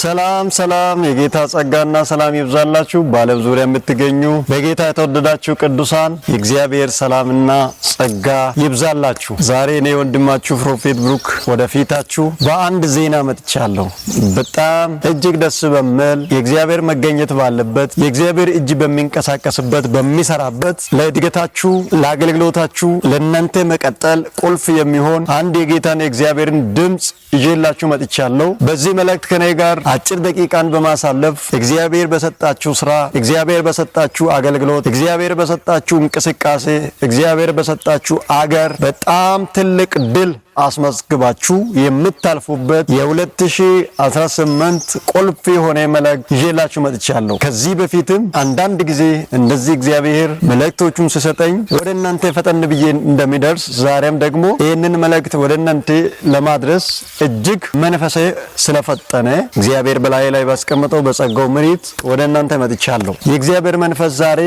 ሰላም ሰላም፣ የጌታ ጸጋና ሰላም ይብዛላችሁ። በዓለም ዙሪያ የምትገኙ በጌታ የተወደዳችሁ ቅዱሳን የእግዚአብሔር ሰላምና ጸጋ ይብዛላችሁ። ዛሬ እኔ ወንድማችሁ ፕሮፌት ብሩክ ወደፊታችሁ በአንድ ዜና መጥቻለሁ። በጣም እጅግ ደስ በሚል የእግዚአብሔር መገኘት ባለበት የእግዚአብሔር እጅ በሚንቀሳቀስበት በሚሰራበት ለእድገታችሁ፣ ለአገልግሎታችሁ፣ ለእናንተ መቀጠል ቁልፍ የሚሆን አንድ የጌታን የእግዚአብሔርን ድምፅ ይዤላችሁ መጥቻለሁ። በዚህ መልእክት ከኔ ጋር አጭር ደቂቃን በማሳለፍ እግዚአብሔር በሰጣችሁ ስራ፣ እግዚአብሔር በሰጣችሁ አገልግሎት፣ እግዚአብሔር በሰጣችሁ እንቅስቃሴ፣ እግዚአብሔር በሰጣችሁ አገር በጣም ትልቅ ድል አስመዝግባችሁ የምታልፉበት የ2018 ቁልፍ የሆነ መልእክት ይዤላችሁ መጥቻለሁ። ከዚህ በፊትም አንዳንድ ጊዜ እንደዚህ እግዚአብሔር መልእክቶቹን ስሰጠኝ ወደ እናንተ ፈጠን ብዬ እንደሚደርስ ዛሬም ደግሞ ይህንን መልእክት ወደ እናንተ ለማድረስ እጅግ መንፈሴ ስለፈጠነ እግዚአብሔር በላይ ላይ ባስቀምጠው በጸጋው ምሪት ወደ እናንተ መጥቻለሁ። የእግዚአብሔር መንፈስ ዛሬ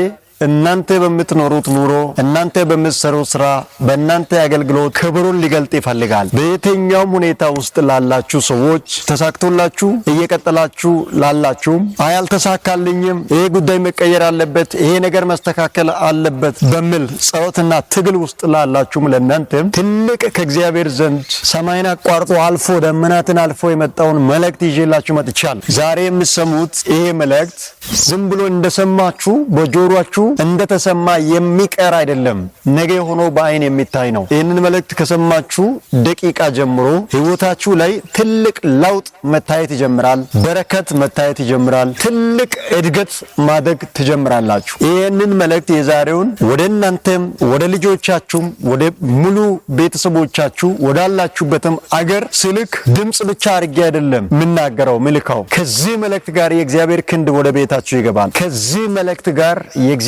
እናንተ በምትኖሩት ኑሮ፣ እናንተ በምትሰሩት ስራ፣ በእናንተ አገልግሎት ክብሩን ሊገልጥ ይፈልጋል። በየትኛውም ሁኔታ ውስጥ ላላችሁ ሰዎች ተሳክቶላችሁ እየቀጠላችሁ ላላችሁም አይ አልተሳካልኝም፣ ይሄ ጉዳይ መቀየር አለበት፣ ይሄ ነገር መስተካከል አለበት በሚል ጸሎትና ትግል ውስጥ ላላችሁም ለእናንተም ትልቅ ከእግዚአብሔር ዘንድ ሰማይን አቋርጦ አልፎ ደመናትን አልፎ የመጣውን መልእክት ይዤላችሁ መጥቻል። ዛሬ የምሰሙት ይሄ መልእክት ዝም ብሎ እንደሰማችሁ በጆሯችሁ እንደተሰማ የሚቀር አይደለም፣ ነገ ሆኖ በአይን የሚታይ ነው። ይህንን መልእክት ከሰማችሁ ደቂቃ ጀምሮ ህይወታችሁ ላይ ትልቅ ለውጥ መታየት ይጀምራል። በረከት መታየት ይጀምራል። ትልቅ እድገት ማደግ ትጀምራላችሁ። ይህንን መልእክት የዛሬውን ወደ እናንተም ወደ ልጆቻችሁም ወደ ሙሉ ቤተሰቦቻችሁ ወዳላችሁበትም አገር ስልክ ድምፅ ብቻ አድርጌ አይደለም የምናገረው ምልካው ከዚህ መልእክት ጋር የእግዚአብሔር ክንድ ወደ ቤታችሁ ይገባል። ከዚህ መልእክት ጋር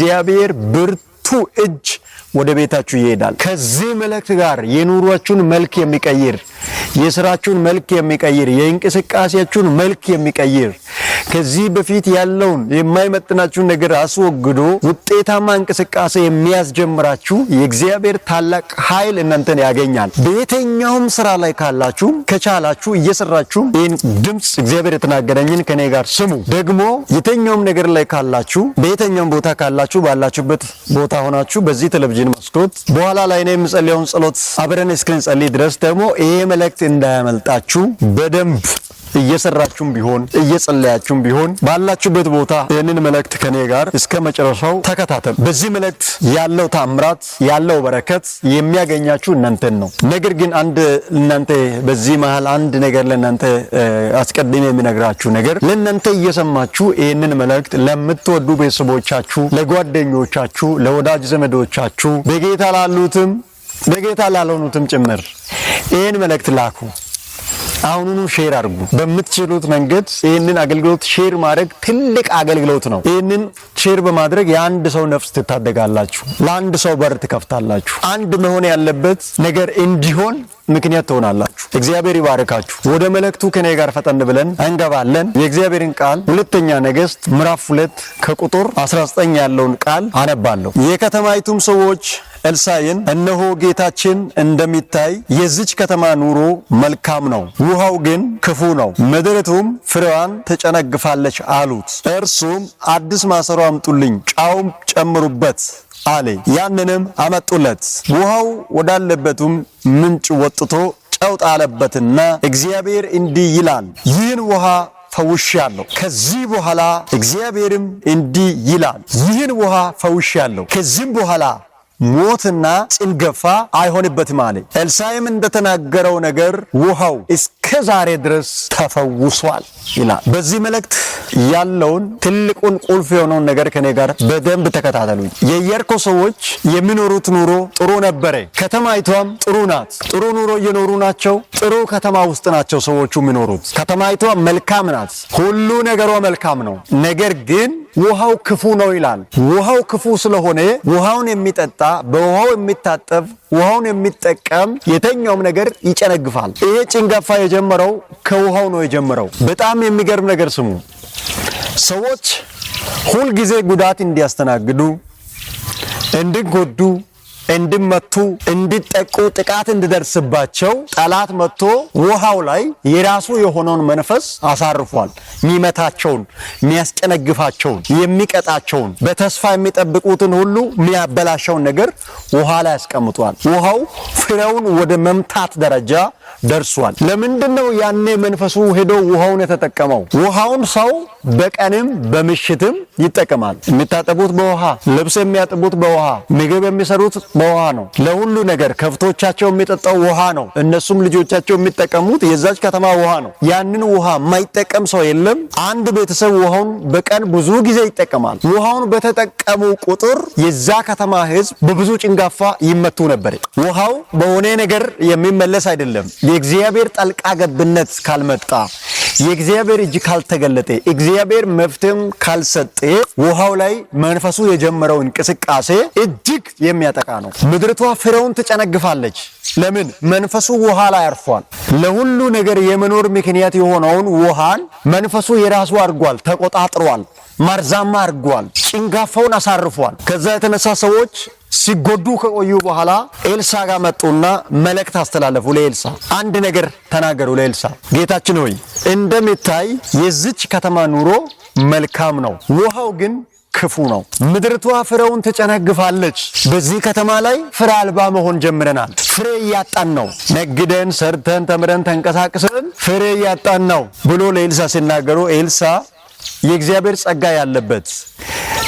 የእግዚአብሔር ብርቱ እጅ ወደ ቤታችሁ ይሄዳል። ከዚህ መልእክት ጋር የኑሯችሁን መልክ የሚቀይር የስራችሁን መልክ የሚቀይር የእንቅስቃሴያችሁን መልክ የሚቀይር ከዚህ በፊት ያለውን የማይመጥናችሁን ነገር አስወግዶ ውጤታማ እንቅስቃሴ የሚያስጀምራችሁ የእግዚአብሔር ታላቅ ኃይል እናንተን ያገኛል። በየተኛውም ስራ ላይ ካላችሁ ከቻላችሁ እየሰራችሁ ይህን ድምፅ እግዚአብሔር የተናገረኝን ከኔ ጋር ስሙ። ደግሞ የተኛውም ነገር ላይ ካላችሁ በየተኛውም ቦታ ካላችሁ ባላችሁበት ቦታ ሆናችሁ በዚህ ቴሌቪዥን መስኮት በኋላ ላይ ነው የምጸልየውን ጸሎት አብረን እስክንጸልይ ድረስ ደግሞ ይሄ መልእክት እንዳያመልጣችሁ በደንብ እየሰራችሁም ቢሆን እየጸለያችሁም ቢሆን ባላችሁበት ቦታ ይህንን መልእክት ከኔ ጋር እስከ መጨረሻው ተከታተሉ። በዚህ መልእክት ያለው ታምራት ያለው በረከት የሚያገኛችሁ እናንተን ነው። ነገር ግን አንድ እናንተ በዚህ መሃል አንድ ነገር ለእናንተ አስቀድሜ የሚነግራችሁ ነገር ለእናንተ እየሰማችሁ ይህንን መልእክት ለምትወዱ ቤተሰቦቻችሁ፣ ለጓደኞቻችሁ፣ ለወዳጅ ዘመዶቻችሁ በጌታ ላሉትም በጌታ ላልሆኑትም ጭምር ይህን መልእክት ላኩ። አሁኑኑ ሼር አድርጉ። በምትችሉት መንገድ ይህንን አገልግሎት ሼር ማድረግ ትልቅ አገልግሎት ነው። ይህንን ሼር በማድረግ የአንድ ሰው ነፍስ ትታደጋላችሁ፣ ለአንድ ሰው በር ትከፍታላችሁ። አንድ መሆን ያለበት ነገር እንዲሆን ምክንያት ትሆናላችሁ። እግዚአብሔር ይባርካችሁ። ወደ መልእክቱ ከኔ ጋር ፈጠን ብለን እንገባለን። የእግዚአብሔርን ቃል ሁለተኛ ነገሥት ምዕራፍ ሁለት ከቁጥር 19 ያለውን ቃል አነባለሁ። የከተማይቱም ሰዎች ኤልሳይን እነሆ ጌታችን እንደሚታይ የዚች ከተማ ኑሮ መልካም ነው፣ ውሃው ግን ክፉ ነው፣ ምድርቱም ፍሬዋን ትጨነግፋለች አሉት። እርሱም አዲስ ማሰሮ አምጡልኝ፣ ጨውም ጨምሩበት አለ። ያንንም አመጡለት። ውሃው ወዳለበቱም ምንጭ ወጥቶ ጨው ጣለበትና እግዚአብሔር እንዲህ ይላል ይህን ውሃ ፈውሻለሁ። ከዚህ በኋላ እግዚአብሔርም እንዲህ ይላል ይህን ውሃ ፈውሻለሁ። ከዚህም በኋላ ሞትና ጭንገፋ አይሆንበትም አለ። ኤልሳይም እንደተናገረው ነገር ውሃው እስከ ዛሬ ድረስ ተፈውሷል ይላል። በዚህ መልእክት ያለውን ትልቁን ቁልፍ የሆነውን ነገር ከኔ ጋር በደንብ ተከታተሉኝ። የኢያሪኮ ሰዎች የሚኖሩት ኑሮ ጥሩ ነበረ። ከተማይቷም ጥሩ ናት። ጥሩ ኑሮ እየኖሩ ናቸው። ጥሩ ከተማ ውስጥ ናቸው ሰዎቹ የሚኖሩት። ከተማይቷ መልካም ናት። ሁሉ ነገሯ መልካም ነው። ነገር ግን ውሃው ክፉ ነው ይላል። ውሃው ክፉ ስለሆነ ውሃውን የሚጠጣ በውሃው የሚታጠብ ውሃውን የሚጠቀም የተኛውም ነገር ይጨነግፋል። ይሄ ጭንጋፋ የጀመረው ከውሃው ነው የጀመረው። በጣም የሚገርም ነገር ስሙ። ሰዎች ሁልጊዜ ጉዳት እንዲያስተናግዱ እንዲጎዱ እንድመቱ፣ እንዲጠቁ፣ ጥቃት እንዲደርስባቸው ጠላት መጥቶ ውሃው ላይ የራሱ የሆነውን መንፈስ አሳርፏል። የሚመታቸውን፣ የሚያስጨነግፋቸውን፣ የሚቀጣቸውን በተስፋ የሚጠብቁትን ሁሉ የሚያበላሸውን ነገር ውሃ ላይ አስቀምጧል። ውሃው ፍሬውን ወደ መምታት ደረጃ ደርሷል። ለምንድን ነው ያኔ መንፈሱ ሄዶ ውሃውን የተጠቀመው? ውሃውን ሰው በቀንም በምሽትም ይጠቀማል። የሚታጠቡት በውሃ ልብስ የሚያጥቡት በውሃ ምግብ የሚሰሩት በውሃ ነው። ለሁሉ ነገር ከብቶቻቸው የሚጠጣው ውሃ ነው። እነሱም ልጆቻቸው የሚጠቀሙት የዛች ከተማ ውሃ ነው። ያንን ውሃ የማይጠቀም ሰው የለም። አንድ ቤተሰብ ውሃውን በቀን ብዙ ጊዜ ይጠቀማል። ውሃውን በተጠቀሙ ቁጥር የዛ ከተማ ህዝብ በብዙ ጭንጋፋ ይመቱ ነበር። ውሃው በሆነ ነገር የሚመለስ አይደለም። የእግዚአብሔር ጣልቃ ገብነት ካልመጣ የእግዚአብሔር እጅ ካልተገለጠ እግዚአብሔር መፍትሄም ካልሰጠ ውሃው ላይ መንፈሱ የጀመረው እንቅስቃሴ እጅግ የሚያጠቃ ነው። ምድርቷ ፍሬውን ትጨነግፋለች። ለምን? መንፈሱ ውሃ ላይ አርፏል። ለሁሉ ነገር የመኖር ምክንያት የሆነውን ውሃን መንፈሱ የራሱ አድርጓል፣ ተቆጣጥሯል፣ ማርዛማ አድርጓል፣ ጭንጋፋውን አሳርፏል። ከዛ የተነሳ ሰዎች ሲጎዱ ከቆዩ በኋላ ኤልሳ ጋር መጡና መልእክት አስተላለፉ። ለኤልሳ አንድ ነገር ተናገሩ። ለኤልሳ ጌታችን ሆይ እንደሚታይ የዚች ከተማ ኑሮ መልካም ነው፣ ውሃው ግን ክፉ ነው። ምድርቷ ፍሬውን ትጨነግፋለች። በዚህ ከተማ ላይ ፍሬ አልባ መሆን ጀምረናል። ፍሬ እያጣን ነው። ነግደን፣ ሰርተን፣ ተምረን፣ ተንቀሳቅሰን ፍሬ እያጣን ነው ብሎ ለኤልሳ ሲናገሩ ኤልሳ የእግዚአብሔር ጸጋ ያለበት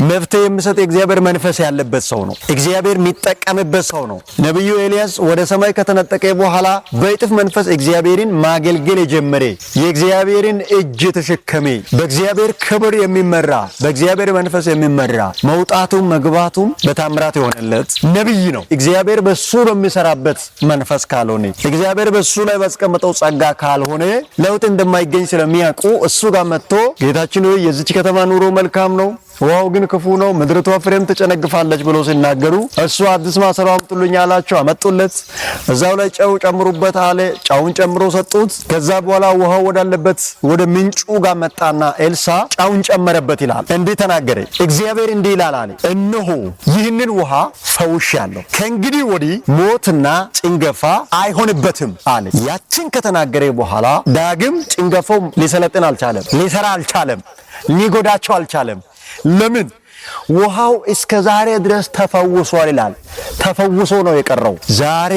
መፍትሄ የሚሰጥ የእግዚአብሔር መንፈስ ያለበት ሰው ነው። እግዚአብሔር የሚጠቀምበት ሰው ነው። ነቢዩ ኤልያስ ወደ ሰማይ ከተነጠቀ በኋላ በእጥፍ መንፈስ እግዚአብሔርን ማገልገል የጀመረ የእግዚአብሔርን እጅ የተሸከመ በእግዚአብሔር ክብር የሚመራ በእግዚአብሔር መንፈስ የሚመራ መውጣቱም መግባቱም በታምራት የሆነለት ነቢይ ነው። እግዚአብሔር በሱ በሚሰራበት መንፈስ ካልሆነ እግዚአብሔር በሱ ላይ ባስቀመጠው ጸጋ ካልሆነ ለውጥ እንደማይገኝ ስለሚያውቁ እሱ ጋር መጥቶ ጌታችን ሆይ የዚች ከተማ ኑሮ መልካም ነው ውሃው ግን ክፉ ነው፣ ምድርቷ ፍሬም ትጨነግፋለች ብሎ ሲናገሩ እሱ አዲስ ማሰሮ አምጡልኝ አላቸው። አመጡለት። እዛው ላይ ጨው ጨምሩበት አለ። ጨውን ጨምሮ ሰጡት። ከዛ በኋላ ውሃው ወዳለበት ወደ ምንጩ ጋር መጣና ኤልሳ ጨውን ጨመረበት ይላል። እንዲህ ተናገረ። እግዚአብሔር እንዲህ ይላል አለ፣ እነሆ ይህንን ውሃ ፈውሻለሁ፣ ከእንግዲህ ወዲህ ሞትና ጭንገፋ አይሆንበትም አለ። ያችን ከተናገረ በኋላ ዳግም ጭንገፋው ሊሰለጥን አልቻለም፣ ሊሰራ አልቻለም፣ ሊጎዳቸው አልቻለም። Lemin. ውሃው እስከ ዛሬ ድረስ ተፈውሷል ይላል። ተፈውሶ ነው የቀረው። ዛሬ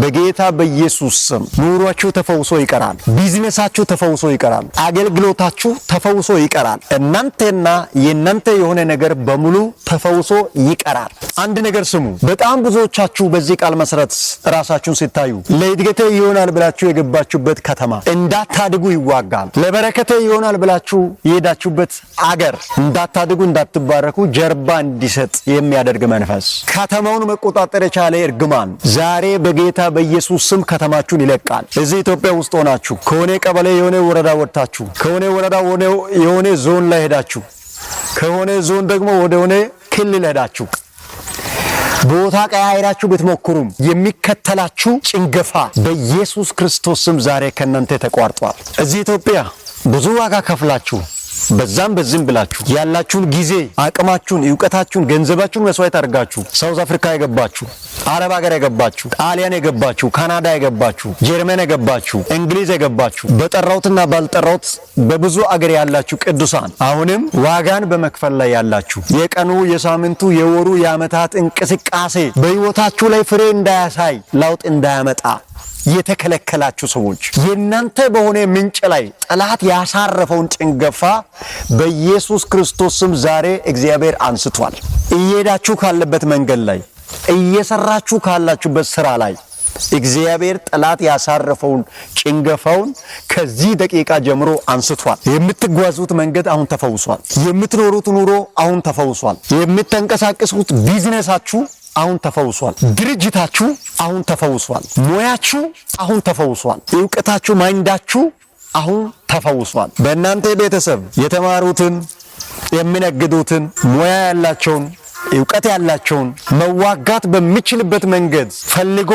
በጌታ በኢየሱስ ስም ኑሯችሁ ተፈውሶ ይቀራል። ቢዝነሳችሁ ተፈውሶ ይቀራል። አገልግሎታችሁ ተፈውሶ ይቀራል። እናንተና የእናንተ የሆነ ነገር በሙሉ ተፈውሶ ይቀራል። አንድ ነገር ስሙ። በጣም ብዙዎቻችሁ በዚህ ቃል መሰረት ራሳችሁን ሲታዩ ለእድገቴ ይሆናል ብላችሁ የገባችሁበት ከተማ እንዳታድጉ ይዋጋል። ለበረከቴ ይሆናል ብላችሁ የሄዳችሁበት አገር እንዳታድጉ እንዳትባረኩ ጀርባ እንዲሰጥ የሚያደርግ መንፈስ፣ ከተማውን መቆጣጠር የቻለ እርግማን ዛሬ በጌታ በኢየሱስ ስም ከተማችሁን ይለቃል። እዚህ ኢትዮጵያ ውስጥ ሆናችሁ ከሆነ ቀበሌ የሆነ ወረዳ ወጥታችሁ ከሆነ ወረዳ የሆነ ዞን ላይ ሄዳችሁ ከሆነ ዞን ደግሞ ወደ ሆነ ክልል ሄዳችሁ ቦታ ቀያይራችሁ ብትሞክሩም የሚከተላችሁ ጭንገፋ በኢየሱስ ክርስቶስ ስም ዛሬ ከእናንተ ተቋርጧል። እዚህ ኢትዮጵያ ብዙ ዋጋ ከፍላችሁ በዛም በዚህም ብላችሁ ያላችሁን ጊዜ፣ አቅማችሁን፣ እውቀታችሁን፣ ገንዘባችሁን መስዋዕት አድርጋችሁ ሳውዝ አፍሪካ የገባችሁ፣ አረብ ሀገር የገባችሁ፣ ጣሊያን የገባችሁ፣ ካናዳ የገባችሁ፣ ጀርመን የገባችሁ፣ እንግሊዝ የገባችሁ በጠራውትና ባልጠራውት በብዙ አገር ያላችሁ ቅዱሳን አሁንም ዋጋን በመክፈል ላይ ያላችሁ የቀኑ የሳምንቱ የወሩ የዓመታት እንቅስቃሴ በህይወታችሁ ላይ ፍሬ እንዳያሳይ ለውጥ እንዳያመጣ የተከለከላችሁ ሰዎች የእናንተ በሆነ ምንጭ ላይ ጠላት ያሳረፈውን ጭንገፋ በኢየሱስ ክርስቶስ ስም ዛሬ እግዚአብሔር አንስቷል። እየሄዳችሁ ካለበት መንገድ ላይ እየሰራችሁ ካላችሁበት ስራ ላይ እግዚአብሔር ጠላት ያሳረፈውን ጭንገፋውን ከዚህ ደቂቃ ጀምሮ አንስቷል። የምትጓዙት መንገድ አሁን ተፈውሷል። የምትኖሩት ኑሮ አሁን ተፈውሷል። የምትንቀሳቀሱት ቢዝነሳችሁ አሁን ተፈውሷል። ድርጅታችሁ አሁን ተፈውሷል። ሙያችሁ አሁን ተፈውሷል። እውቀታችሁ፣ ማይንዳችሁ አሁን ተፈውሷል። በእናንተ ቤተሰብ የተማሩትን የሚነግዱትን ሙያ ያላቸውን እውቀት ያላቸውን መዋጋት በሚችልበት መንገድ ፈልጎ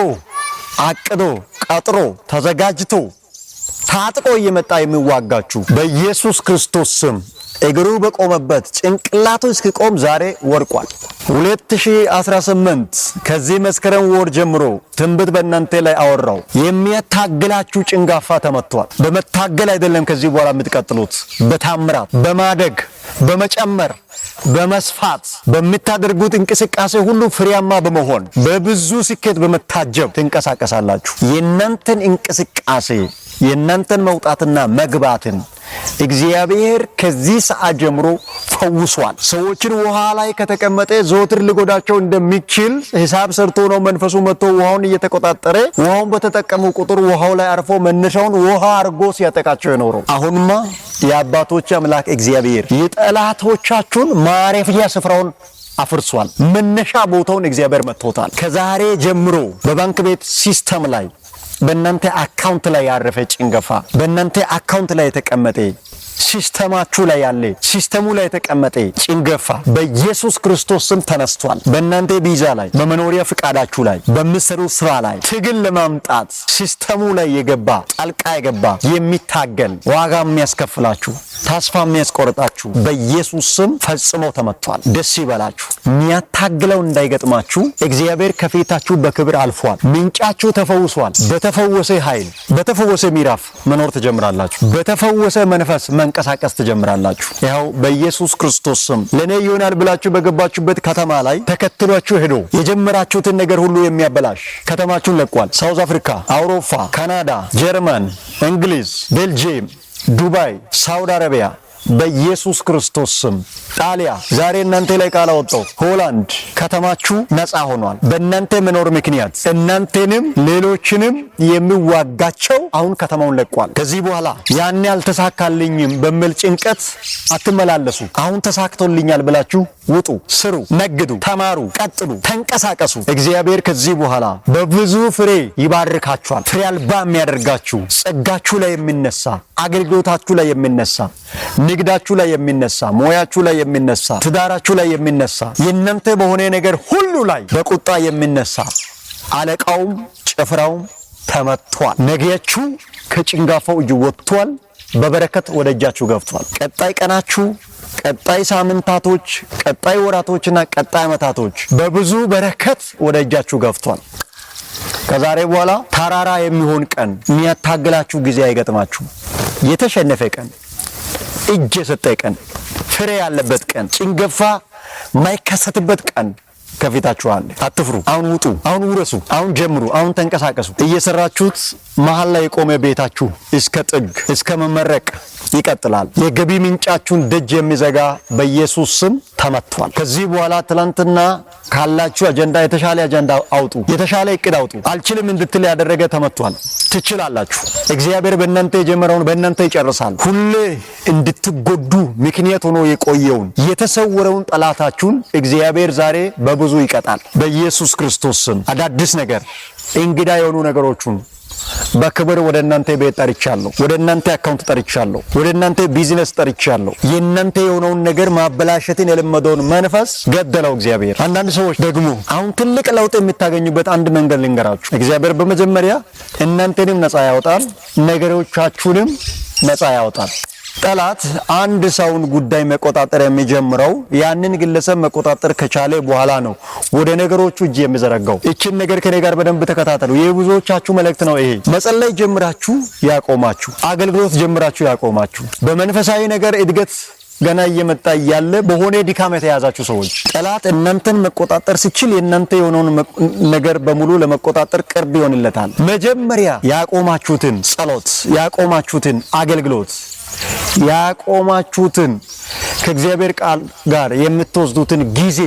አቅዶ ቀጥሮ ተዘጋጅቶ ታጥቆ እየመጣ የሚዋጋችሁ በኢየሱስ ክርስቶስ ስም እግሩ በቆመበት ጭንቅላቱ እስኪቆም ዛሬ ወድቋል። 2018 ከዚህ መስከረም ወር ጀምሮ ትንብት በእናንተ ላይ አወራው። የሚያታግላችሁ ጭንጋፋ ተመቷል። በመታገል አይደለም ከዚህ በኋላ የምትቀጥሉት፣ በታምራት በማደግ በመጨመር በመስፋት በምታደርጉት እንቅስቃሴ ሁሉ ፍሬያማ በመሆን በብዙ ስኬት በመታጀብ ትንቀሳቀሳላችሁ። የእናንተን እንቅስቃሴ የእናንተን መውጣትና መግባትን እግዚአብሔር ከዚህ ሰዓት ጀምሮ ፈውሷል። ሰዎችን ውሃ ላይ ከተቀመጠ ዘወትር ሊጎዳቸው እንደሚችል ሂሳብ ሰርቶ ነው መንፈሱ መጥቶ ውሃውን እየተቆጣጠረ ውሃውን በተጠቀሙ ቁጥር ውሃው ላይ አርፎ መነሻውን ውሃ አርጎ ሲያጠቃቸው የኖረው አሁንማ የአባቶች አምላክ እግዚአብሔር የጠላቶቻችሁን ማረፊያ ስፍራውን አፍርሷል። መነሻ ቦታውን እግዚአብሔር መጥቶታል። ከዛሬ ጀምሮ በባንክ ቤት ሲስተም ላይ በእናንተ አካውንት ላይ ያረፈ ጭንገፋ፣ በእናንተ አካውንት ላይ የተቀመጠ ሲስተማችሁ ላይ ያለ ሲስተሙ ላይ የተቀመጠ ጭንገፋ በኢየሱስ ክርስቶስ ስም ተነስቷል። በእናንተ ቪዛ ላይ፣ በመኖሪያ ፍቃዳችሁ ላይ፣ በምሰሩ ስራ ላይ ትግል ለማምጣት ሲስተሙ ላይ የገባ ጣልቃ የገባ የሚታገል ዋጋ የሚያስከፍላችሁ ተስፋ የሚያስቆርጣችሁ በኢየሱስ ስም ፈጽሞ ተመቷል። ደስ ይበላችሁ። የሚያታግለው እንዳይገጥማችሁ እግዚአብሔር ከፊታችሁ በክብር አልፏል። ምንጫችሁ ተፈውሷል። በተፈወሰ ኃይል በተፈወሰ ሚራፍ መኖር ትጀምራላችሁ። በተፈወሰ መንፈስ መንቀሳቀስ ትጀምራላችሁ። ይኸው በኢየሱስ ክርስቶስ ስም ለእኔ ይሆናል ብላችሁ በገባችሁበት ከተማ ላይ ተከትሏችሁ ሄዶ የጀመራችሁትን ነገር ሁሉ የሚያበላሽ ከተማችሁን ለቋል። ሳውዝ አፍሪካ፣ አውሮፓ፣ ካናዳ፣ ጀርመን፣ እንግሊዝ፣ ቤልጅየም፣ ዱባይ፣ ሳውዲ አረቢያ በኢየሱስ ክርስቶስ ስም ጣሊያ ዛሬ እናንተ ላይ ቃል አወጣው። ሆላንድ ከተማችሁ ነፃ ሆኗል። በእናንተ መኖር ምክንያት እናንተንም ሌሎችንም የሚዋጋቸው አሁን ከተማውን ለቋል። ከዚህ በኋላ ያኔ አልተሳካልኝም በሚል ጭንቀት አትመላለሱ። አሁን ተሳክቶልኛል ብላችሁ ውጡ፣ ስሩ፣ ነግዱ፣ ተማሩ፣ ቀጥሉ፣ ተንቀሳቀሱ። እግዚአብሔር ከዚህ በኋላ በብዙ ፍሬ ይባርካችኋል። ፍሬ አልባ የሚያደርጋችሁ ጸጋችሁ ላይ የሚነሳ አገልግሎታችሁ ላይ የሚነሳ ንግዳችሁ ላይ የሚነሳ ሞያችሁ ላይ የሚነሳ ትዳራችሁ ላይ የሚነሳ የእናንተ በሆነ ነገር ሁሉ ላይ በቁጣ የሚነሳ አለቃውም ጭፍራውም ተመቷል። ነገያችሁ ከጭንጋፋው እጅ ወጥቷል። በበረከት ወደ እጃችሁ ገብቷል። ቀጣይ ቀናችሁ፣ ቀጣይ ሳምንታቶች፣ ቀጣይ ወራቶችና ቀጣይ ዓመታቶች በብዙ በረከት ወደ እጃችሁ ገብቷል። ከዛሬ በኋላ ተራራ የሚሆን ቀን የሚያታግላችሁ ጊዜ አይገጥማችሁ። የተሸነፈ ቀን እጅ የሰጠ ቀን፣ ፍሬ ያለበት ቀን፣ ጭንገፋ የማይከሰትበት ቀን ከፊታችሁ አለ። አትፍሩ። አሁን ውጡ፣ አሁን ውረሱ፣ አሁን ጀምሩ፣ አሁን ተንቀሳቀሱ። እየሰራችሁት መሀል ላይ የቆመ ቤታችሁ እስከ ጥግ እስከ መመረቅ ይቀጥላል። የገቢ ምንጫችሁን ደጅ የሚዘጋ በኢየሱስ ስም ተመቷል። ከዚህ በኋላ ትላንትና ካላችሁ አጀንዳ የተሻለ አጀንዳ አውጡ፣ የተሻለ እቅድ አውጡ። አልችልም እንድትል ያደረገ ተመቷል። ትችላላችሁ። እግዚአብሔር በእናንተ የጀመረውን በእናንተ ይጨርሳል። ሁሌ እንድትጎዱ ምክንያት ሆኖ የቆየውን የተሰወረውን ጠላታችሁን እግዚአብሔር ዛሬ በብዙ ይቀጣል። በኢየሱስ ክርስቶስ ስም አዳዲስ ነገር እንግዳ የሆኑ ነገሮቹን በክብር ወደ እናንተ ቤት ጠርቻለሁ። ወደ እናንተ አካውንት ጠርቻለሁ። ወደ እናንተ ቢዝነስ ጠርቻለሁ። የእናንተ የሆነውን ነገር ማበላሸትን የለመደውን መንፈስ ገደለው እግዚአብሔር። አንዳንድ ሰዎች ደግሞ አሁን ትልቅ ለውጥ የምታገኙበት አንድ መንገድ ልንገራችሁ። እግዚአብሔር በመጀመሪያ እናንተንም ነፃ ያወጣል፣ ነገሮቻችሁንም ነፃ ያወጣል። ጠላት አንድ ሰውን ጉዳይ መቆጣጠር የሚጀምረው ያንን ግለሰብ መቆጣጠር ከቻለ በኋላ ነው። ወደ ነገሮቹ እጅ የሚዘረጋው እችን ነገር ከኔ ጋር በደንብ ተከታተሉ። የብዙዎቻችሁ መልእክት ነው ይሄ። መጸለይ ጀምራችሁ ያቆማችሁ፣ አገልግሎት ጀምራችሁ ያቆማችሁ፣ በመንፈሳዊ ነገር እድገት ገና እየመጣ እያለ በሆነ ድካም የተያዛችሁ ሰዎች ጠላት እናንተን መቆጣጠር ሲችል የእናንተ የሆነውን ነገር በሙሉ ለመቆጣጠር ቅርብ ይሆንለታል። መጀመሪያ ያቆማችሁትን ጸሎት፣ ያቆማችሁትን አገልግሎት ያቆማችሁትን ከእግዚአብሔር ቃል ጋር የምትወስዱትን ጊዜ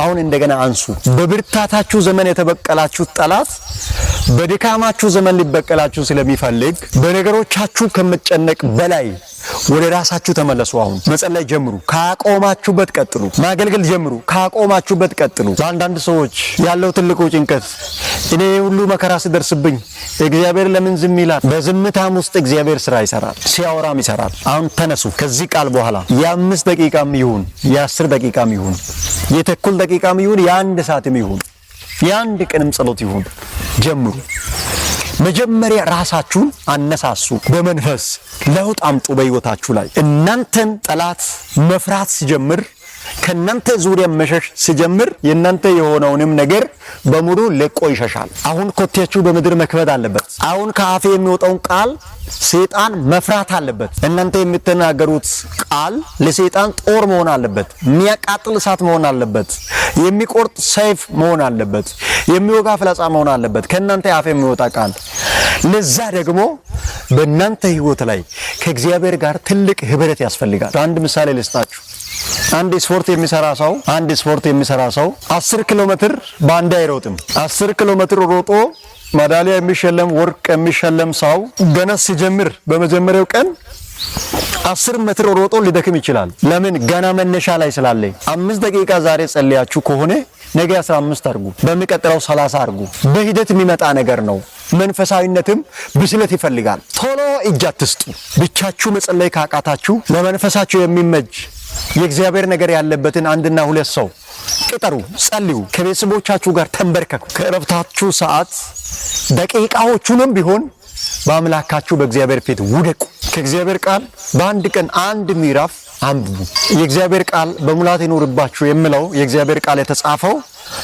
አሁን እንደገና አንሱ። በብርታታችሁ ዘመን የተበቀላችሁት ጠላት በድካማችሁ ዘመን ሊበቀላችሁ ስለሚፈልግ በነገሮቻችሁ ከመጨነቅ በላይ ወደ ራሳችሁ ተመለሱ። አሁን መጸለይ ጀምሩ፣ ካቆማችሁበት ቀጥሉ። ማገልገል ጀምሩ፣ ካቆማችሁበት ቀጥሉ። ለአንዳንድ ሰዎች ያለው ትልቁ ጭንቀት እኔ ሁሉ መከራ ስደርስብኝ እግዚአብሔር ለምን ዝም ይላል? በዝምታም ውስጥ እግዚአብሔር ስራ ይሰራል፣ ሲያወራም ይሰራል። አሁን ተነሱ። ከዚህ ቃል በኋላ የአምስት ደቂቃም ይሁን የአስር ደቂቃም ይሁን የተኩል ደቂቃም ይሁን የአንድ ሰዓትም ይሁን የአንድ ቀንም ጸሎት ይሁን ጀምሩ። መጀመሪያ ራሳችሁን አነሳሱ፣ በመንፈስ ለውጥ አምጡ በህይወታችሁ ላይ። እናንተን ጠላት መፍራት ሲጀምር ከእናንተ ዙሪያ መሸሽ ስጀምር የእናንተ የሆነውንም ነገር በሙሉ ለቆ ይሸሻል። አሁን ኮቴያችሁ በምድር መክበድ አለበት። አሁን ከአፌ የሚወጣውን ቃል ሰይጣን መፍራት አለበት። እናንተ የምትናገሩት ቃል ለሰይጣን ጦር መሆን አለበት። የሚያቃጥል እሳት መሆን አለበት። የሚቆርጥ ሰይፍ መሆን አለበት። የሚወጋ ፍላጻ መሆን አለበት። ከእናንተ አፍ የሚወጣ ቃል ለዛ ደግሞ በእናንተ ህይወት ላይ ከእግዚአብሔር ጋር ትልቅ ህብረት ያስፈልጋል። አንድ ምሳሌ ልስጣችሁ። አንድ ስፖርት የሚሰራ ሰው አንድ ስፖርት የሚሰራ ሰው 10 ኪሎ ሜትር በአንድ አይሮጥም። 10 ኪሎ ሜትር ሮጦ ማዳሊያ የሚሸለም ወርቅ የሚሸለም ሰው ገና ሲጀምር በመጀመሪያው ቀን አስር ሜትር ሮጦ ሊደክም ይችላል። ለምን? ገና መነሻ ላይ ስላለ። አምስት ደቂቃ ዛሬ ጸልያችሁ ከሆነ ነገ 15 አርጉ፣ በሚቀጥለው 30 አርጉ። በሂደት የሚመጣ ነገር ነው። መንፈሳዊነትም ብስለት ይፈልጋል። ቶሎ እጅ አትስጡ። ብቻችሁ መጸለይ ካቃታችሁ ለመንፈሳችሁ የሚመጅ የእግዚአብሔር ነገር ያለበትን አንድና ሁለት ሰው ቅጠሩ፣ ጸልዩ፣ ከቤተሰቦቻችሁ ጋር ተንበርከኩ። ከእረፍታችሁ ሰዓት ደቂቃዎቹንም ቢሆን በአምላካችሁ በእግዚአብሔር ፊት ውደቁ። ከእግዚአብሔር ቃል በአንድ ቀን አንድ ምዕራፍ አንብቡ። የእግዚአብሔር ቃል በሙላት ይኖርባችሁ የምለው የእግዚአብሔር ቃል የተጻፈው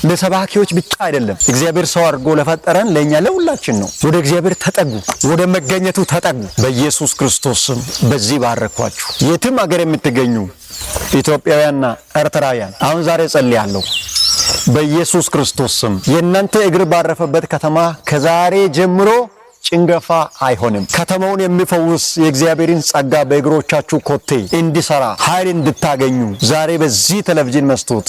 ለሰባኪዎች ብቻ አይደለም። እግዚአብሔር ሰው አድርጎ ለፈጠረን ለእኛ ለሁላችን ነው። ወደ እግዚአብሔር ተጠጉ፣ ወደ መገኘቱ ተጠጉ። በኢየሱስ ክርስቶስ ስም በዚህ ባረኳችሁ። የትም አገር የምትገኙ ኢትዮጵያውያንና ኤርትራውያን አሁን ዛሬ ጸልያለሁ። በኢየሱስ ክርስቶስ ስም የእናንተ እግር ባረፈበት ከተማ ከዛሬ ጀምሮ ጭንገፋ አይሆንም። ከተማውን የሚፈውስ የእግዚአብሔርን ጸጋ በእግሮቻችሁ ኮቴ እንዲሰራ ኃይል እንድታገኙ ዛሬ በዚህ ቴሌቪዥን መስቶት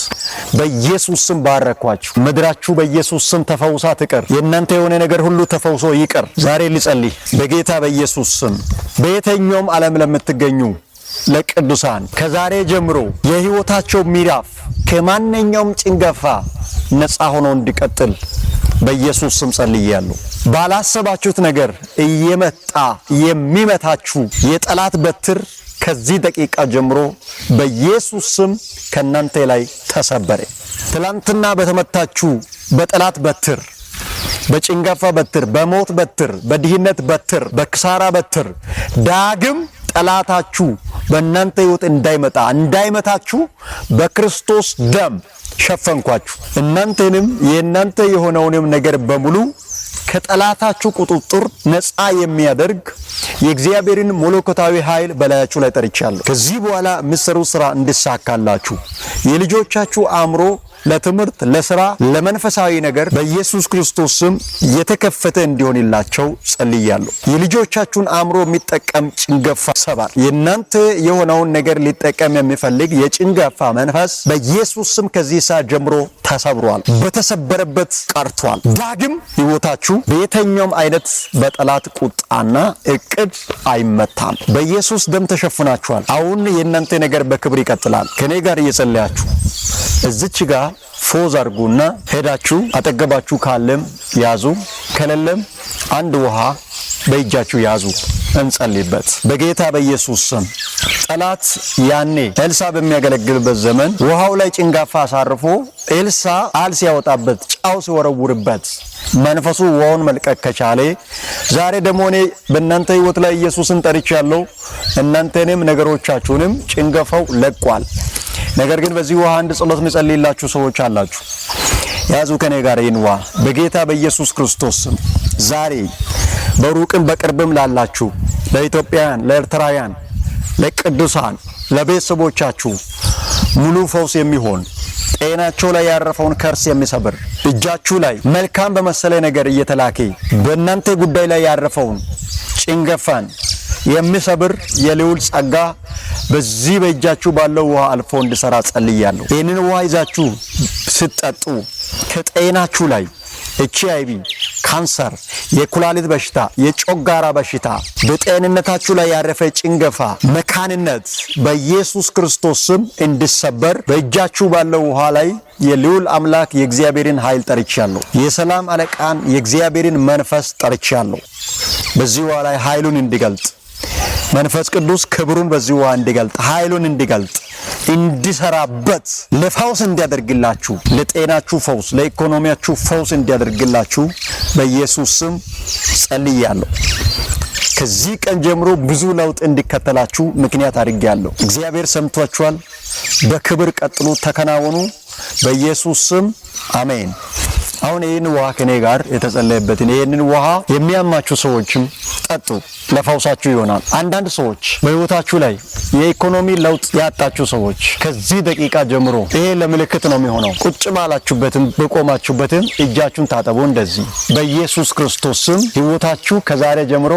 በኢየሱስ ስም ባረኳችሁ። ምድራችሁ በኢየሱስ ስም ተፈውሳ ትቅር። የእናንተ የሆነ ነገር ሁሉ ተፈውሶ ይቅር። ዛሬ ልጸልይ በጌታ በኢየሱስ ስም በየትኛውም ዓለም ለምትገኙ ለቅዱሳን ከዛሬ ጀምሮ የሕይወታቸው ሚዳፍ ከማንኛውም ጭንገፋ ነፃ ሆኖ እንዲቀጥል በኢየሱስ ስም ጸልያለሁ። ባላሰባችሁት ነገር እየመጣ የሚመታችሁ የጠላት በትር ከዚህ ደቂቃ ጀምሮ በኢየሱስ ስም ከእናንተ ላይ ተሰበረ። ትላንትና በተመታችሁ በጠላት በትር፣ በጭንጋፋ በትር፣ በሞት በትር፣ በድህነት በትር፣ በክሳራ በትር ዳግም ጠላታችሁ በእናንተ ህይወት እንዳይመጣ እንዳይመታችሁ በክርስቶስ ደም ሸፈንኳችሁ። እናንተንም የእናንተ የሆነውንም ነገር በሙሉ ከጠላታችሁ ቁጥጥር ነፃ የሚያደርግ የእግዚአብሔርን ሞለኮታዊ ኃይል በላያችሁ ላይ ጠርቻለሁ። ከዚህ በኋላ የምትሰሩት ስራ እንዲሳካላችሁ የልጆቻችሁ አእምሮ ለትምህርት፣ ለስራ፣ ለመንፈሳዊ ነገር በኢየሱስ ክርስቶስ ስም የተከፈተ እንዲሆንላቸው ጸልያለሁ። የልጆቻችሁን አእምሮ የሚጠቀም ጭንገፋ ሰባል። የእናንተ የሆነውን ነገር ሊጠቀም የሚፈልግ የጭንገፋ መንፈስ በኢየሱስ ስም ከዚህ ሰዓት ጀምሮ ተሰብሯል፣ በተሰበረበት ቀርቷል። ዳግም ሕይወታችሁ በየተኛውም አይነት በጠላት ቁጣና እቅድ አይመታም። በኢየሱስ ደም ተሸፍናችኋል። አሁን የእናንተ ነገር በክብር ይቀጥላል። ከእኔ ጋር እየጸለያችሁ እዚች ጋር ፎዝ አድርጉና ሄዳችሁ አጠገባችሁ ካለም ያዙ፣ ከሌለም አንድ ውሃ በእጃችሁ ያዙ፣ እንጸልይበት። በጌታ በኢየሱስ ስም ጠላት ያኔ ኤልሳ በሚያገለግልበት ዘመን ውሃው ላይ ጭንጋፋ አሳርፎ ኤልሳ አል ሲያወጣበት ጫው ሲወረውርበት መንፈሱ ውሃውን መልቀቅ ከቻለ ዛሬ ደግሞ እኔ በእናንተ ህይወት ላይ ኢየሱስን ያለው እናንተንም ነገሮቻችሁንም ጭንገፋው ለቋል። ነገር ግን በዚህ ውሃ አንድ ጸሎት የሚጸልይላችሁ ሰዎች አላችሁ። ያዙ ከኔ ጋር ይንዋ በጌታ በኢየሱስ ክርስቶስ ስም ዛሬ በሩቅም በቅርብም ላላችሁ ለኢትዮጵያውያን፣ ለኤርትራውያን፣ ለቅዱሳን፣ ለቤተሰቦቻችሁ ሙሉ ፈውስ የሚሆን ጤናቸው ላይ ያረፈውን ከርስ የሚሰብር እጃችሁ ላይ መልካም በመሰለ ነገር እየተላከ በእናንተ ጉዳይ ላይ ያረፈውን ጭንገፋን የሚሰብር የልዑል ጸጋ በዚህ በእጃችሁ ባለው ውሃ አልፎ እንድሰራ ጸልያለሁ። ይህንን ውሃ ይዛችሁ ስትጠጡ ከጤናችሁ ላይ ኤች አይቪ፣ ካንሰር፣ የኩላሊት በሽታ፣ የጮጋራ በሽታ፣ በጤንነታችሁ ላይ ያረፈ ጭንገፋ፣ መካንነት በኢየሱስ ክርስቶስ ስም እንዲሰበር በእጃችሁ ባለው ውሃ ላይ የልዑል አምላክ የእግዚአብሔርን ኃይል ጠርቻለሁ። የሰላም አለቃን የእግዚአብሔርን መንፈስ ጠርቻለሁ። በዚህ ውሃ ላይ ኃይሉን እንዲገልጥ መንፈስ ቅዱስ ክብሩን በዚህ ውሃ እንዲገልጥ ኃይሉን እንዲገልጥ እንዲሰራበት ለፈውስ እንዲያደርግላችሁ ለጤናችሁ ፈውስ፣ ለኢኮኖሚያችሁ ፈውስ እንዲያደርግላችሁ በኢየሱስ ስም ጸልያለሁ። ከዚህ ቀን ጀምሮ ብዙ ለውጥ እንዲከተላችሁ ምክንያት አድርጌያለሁ። እግዚአብሔር ሰምቷችኋል። በክብር ቀጥሎ ተከናወኑ። በኢየሱስ ስም አሜን። አሁን ይህን ውሃ ከኔ ጋር የተጸለየበትን ይህንን ውሃ የሚያማችሁ ሰዎችም ጠጡ፣ ለፈውሳችሁ ይሆናል። አንዳንድ ሰዎች በህይወታችሁ ላይ የኢኮኖሚ ለውጥ ያጣችሁ ሰዎች ከዚህ ደቂቃ ጀምሮ ይሄ ለምልክት ነው የሚሆነው። ቁጭ ባላችሁበትም በቆማችሁበትም እጃችሁን ታጠቡ። እንደዚህ በኢየሱስ ክርስቶስ ስም ህይወታችሁ ከዛሬ ጀምሮ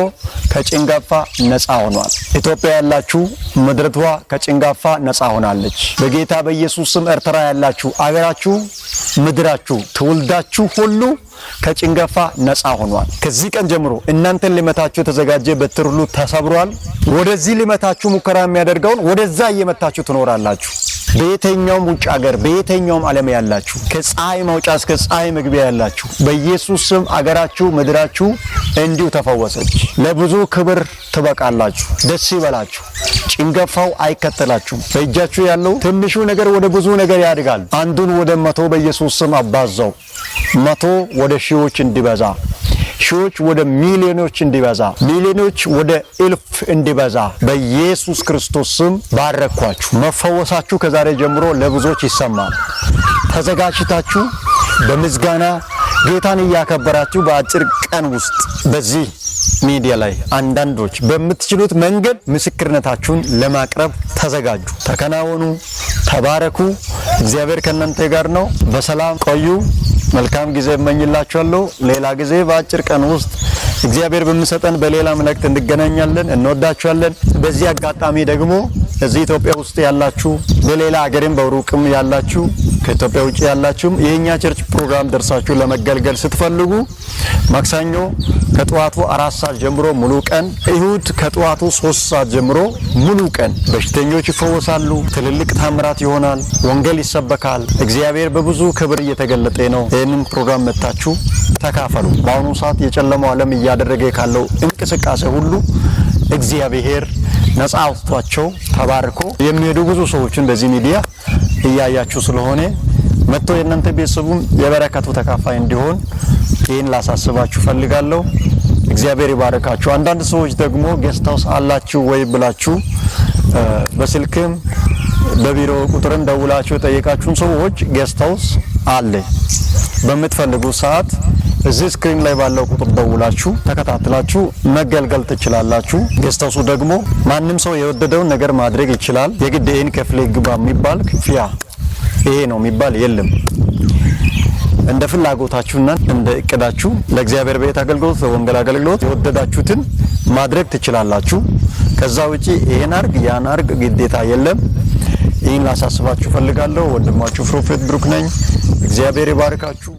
ከጭንጋፋ ነፃ ሆኗል። ኢትዮጵያ ያላችሁ ምድርቷ ከጭንጋፋ ነፃ ሆናለች። በጌታ በኢየሱስ ስም ኤርትራ ያላችሁ አገራችሁ ምድራችሁ ትውልዳችሁ ከመታችሁ ሁሉ ከጭንገፋ ነፃ ሆኗል። ከዚህ ቀን ጀምሮ እናንተን ሊመታችሁ የተዘጋጀ በትር ሁሉ ተሰብሯል። ወደዚህ ሊመታችሁ ሙከራ የሚያደርገውን ወደዛ እየመታችሁ ትኖራላችሁ። በየትኛውም ውጭ ሀገር፣ በየተኛውም ዓለም ያላችሁ ከፀሐይ መውጫ እስከ ፀሐይ መግቢያ ያላችሁ በኢየሱስ ስም አገራችሁ፣ ምድራችሁ እንዲሁ ተፈወሰች። ለብዙ ክብር ትበቃላችሁ። ደስ ይበላችሁ። ጭንገፋው አይከተላችሁም። በእጃችሁ ያለው ትንሹ ነገር ወደ ብዙ ነገር ያድጋል። አንዱን ወደ መቶ በኢየሱስ ስም አባዛው። መቶ ወደ ሺዎች እንዲበዛ ሺዎች ወደ ሚሊዮኖች እንዲበዛ ሚሊዮኖች ወደ እልፍ እንዲበዛ በኢየሱስ ክርስቶስ ስም ባረኳችሁ። መፈወሳችሁ ከዛሬ ጀምሮ ለብዙዎች ይሰማል። ተዘጋጅታችሁ በምዝጋና ጌታን እያከበራችሁ በአጭር ቀን ውስጥ በዚህ ሚዲያ ላይ አንዳንዶች በምትችሉት መንገድ ምስክርነታችሁን ለማቅረብ ተዘጋጁ። ተከናወኑ፣ ተባረኩ። እግዚአብሔር ከእናንተ ጋር ነው። በሰላም ቆዩ። መልካም ጊዜ እመኝላችኋለሁ። ሌላ ጊዜ በአጭር ቀን ውስጥ እግዚአብሔር በሚሰጠን በሌላ መልእክት እንገናኛለን። እንወዳችኋለን። በዚህ አጋጣሚ ደግሞ እዚህ ኢትዮጵያ ውስጥ ያላችሁ በሌላ ሀገርም በሩቅም ያላችሁ ከኢትዮጵያ ውጭ ያላችሁም የእኛ ቸርች ፕሮግራም ደርሳችሁ ለመገልገል ስትፈልጉ ማክሰኞ ከጠዋቱ አራት ሰዓት ጀምሮ ሙሉ ቀን፣ እሁድ ከጠዋቱ ሶስት ሰዓት ጀምሮ ሙሉ ቀን በሽተኞች ይፈወሳሉ። ትልልቅ ታምራት ይሆናል። ወንጌል ይሰበካል። እግዚአብሔር በብዙ ክብር እየተገለጠ ነው። ይህንን ፕሮግራም መታችሁ ተካፈሉ። በአሁኑ ሰዓት የጨለመው ዓለም እያደረገ ካለው እንቅስቃሴ ሁሉ እግዚአብሔር ነጻ አውጥቷቸው ተባርኮ የሚሄዱ ብዙ ሰዎችን በዚህ ሚዲያ እያያችሁ ስለሆነ መጥቶ የእናንተ ቤተሰቡም የበረከቱ ተካፋይ እንዲሆን ይህን ላሳስባችሁ ፈልጋለሁ። እግዚአብሔር ይባረካችሁ። አንዳንድ ሰዎች ደግሞ ጌስት ሀውስ አላችሁ ወይ ብላችሁ በስልክም በቢሮ ቁጥርም ደውላችሁ የጠየቃችሁን ሰዎች ጌስት ሀውስ አለ በምትፈልጉ ሰዓት እዚህ ስክሪን ላይ ባለው ቁጥር ደውላችሁ ተከታትላችሁ መገልገል ትችላላችሁ። ገዝተሱ ደግሞ ማንም ሰው የወደደውን ነገር ማድረግ ይችላል። የግድ ይህን ከፍሌ ግባ የሚባል ክፍያ ይሄ ነው የሚባል የለም። እንደ ፍላጎታችሁና እንደ እቅዳችሁ ለእግዚአብሔር ቤት አገልግሎት፣ ለወንጌል አገልግሎት የወደዳችሁትን ማድረግ ትችላላችሁ። ከዛ ውጪ ይሄን አርግ ያን አርግ ግዴታ የለም። ይህን ላሳስባችሁ ፈልጋለሁ። ወንድማችሁ ፕሮፌት ብሩክ ነኝ። እግዚአብሔር ይባርካችሁ።